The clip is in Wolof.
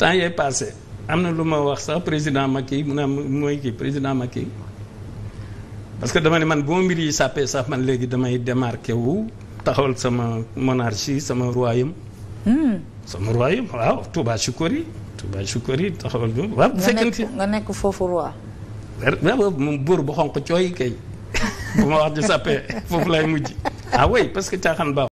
temps yee passé am na lu ma wax sax président Macky mu ne mooy kii président Macky parce que dama ne man boo mbir yi sàppee sax man léegi damay démarqué wu taxawal sama monarchie sama royaume. Hmm. sama royaume waaw Touba Choukouri Touba Choukouri taxawal bi waaw. bu fekkee nga nekk foofu roi. waaw buur bu xonq cooy kay bu ma wax ji sàppee foofu lay mujj ah oui parce que baax